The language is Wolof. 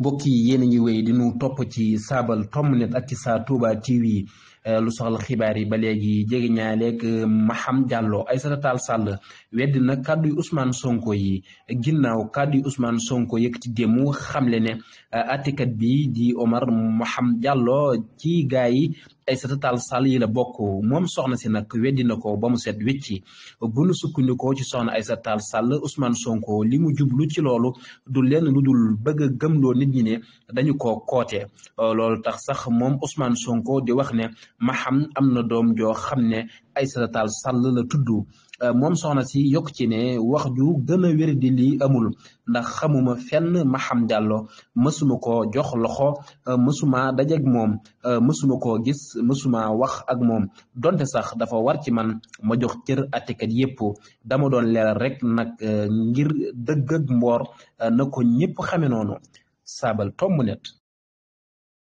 mbokk yi yéen a ngi wéy di nu topp ci saabal tomb ak ci saa Touba TV eh, lu soxla xibaar yi ba léegi jege ñaaleeg eh, Maham Diallo Aïssata Tall Sall weddi na kàddu yu Ousmane Sonko yi ginnaaw kàddu yu Ousmane Sonko yëkkati démb xamle ne eh, atikat bi di Omar maxam Diallo ci gaa yi. ay Tall Sall yi la bokk moom soxna si nag weddi na ko ba mu set wecci bu nu sukkandikoo ci soxna Aïssata Tall Sall Ousmane Sonko li mu jublu ci loolu du lenn lu dul bëgg gëm loo nit ñi ne dañu ko koote euh, loolu tax sax moom Ousmane Sonko di wax ne ma xam am na doom joo xam ne ay Tall Sall la tudd Euh, moom soxna si yokk ci ne wax ju gën a wér di lii amul ndax xamuma fenn Maham Diallo mësuma ko jox loxo euh, mësuma dajeeg moom euh, mësuma koo gis mësuma wax ak moom donte sax dafa war ci man ma jox cër attekat yépp dama doon leeral rek nag ngir dëgg ak mboor na ko ñépp xame noonu saabal tomb net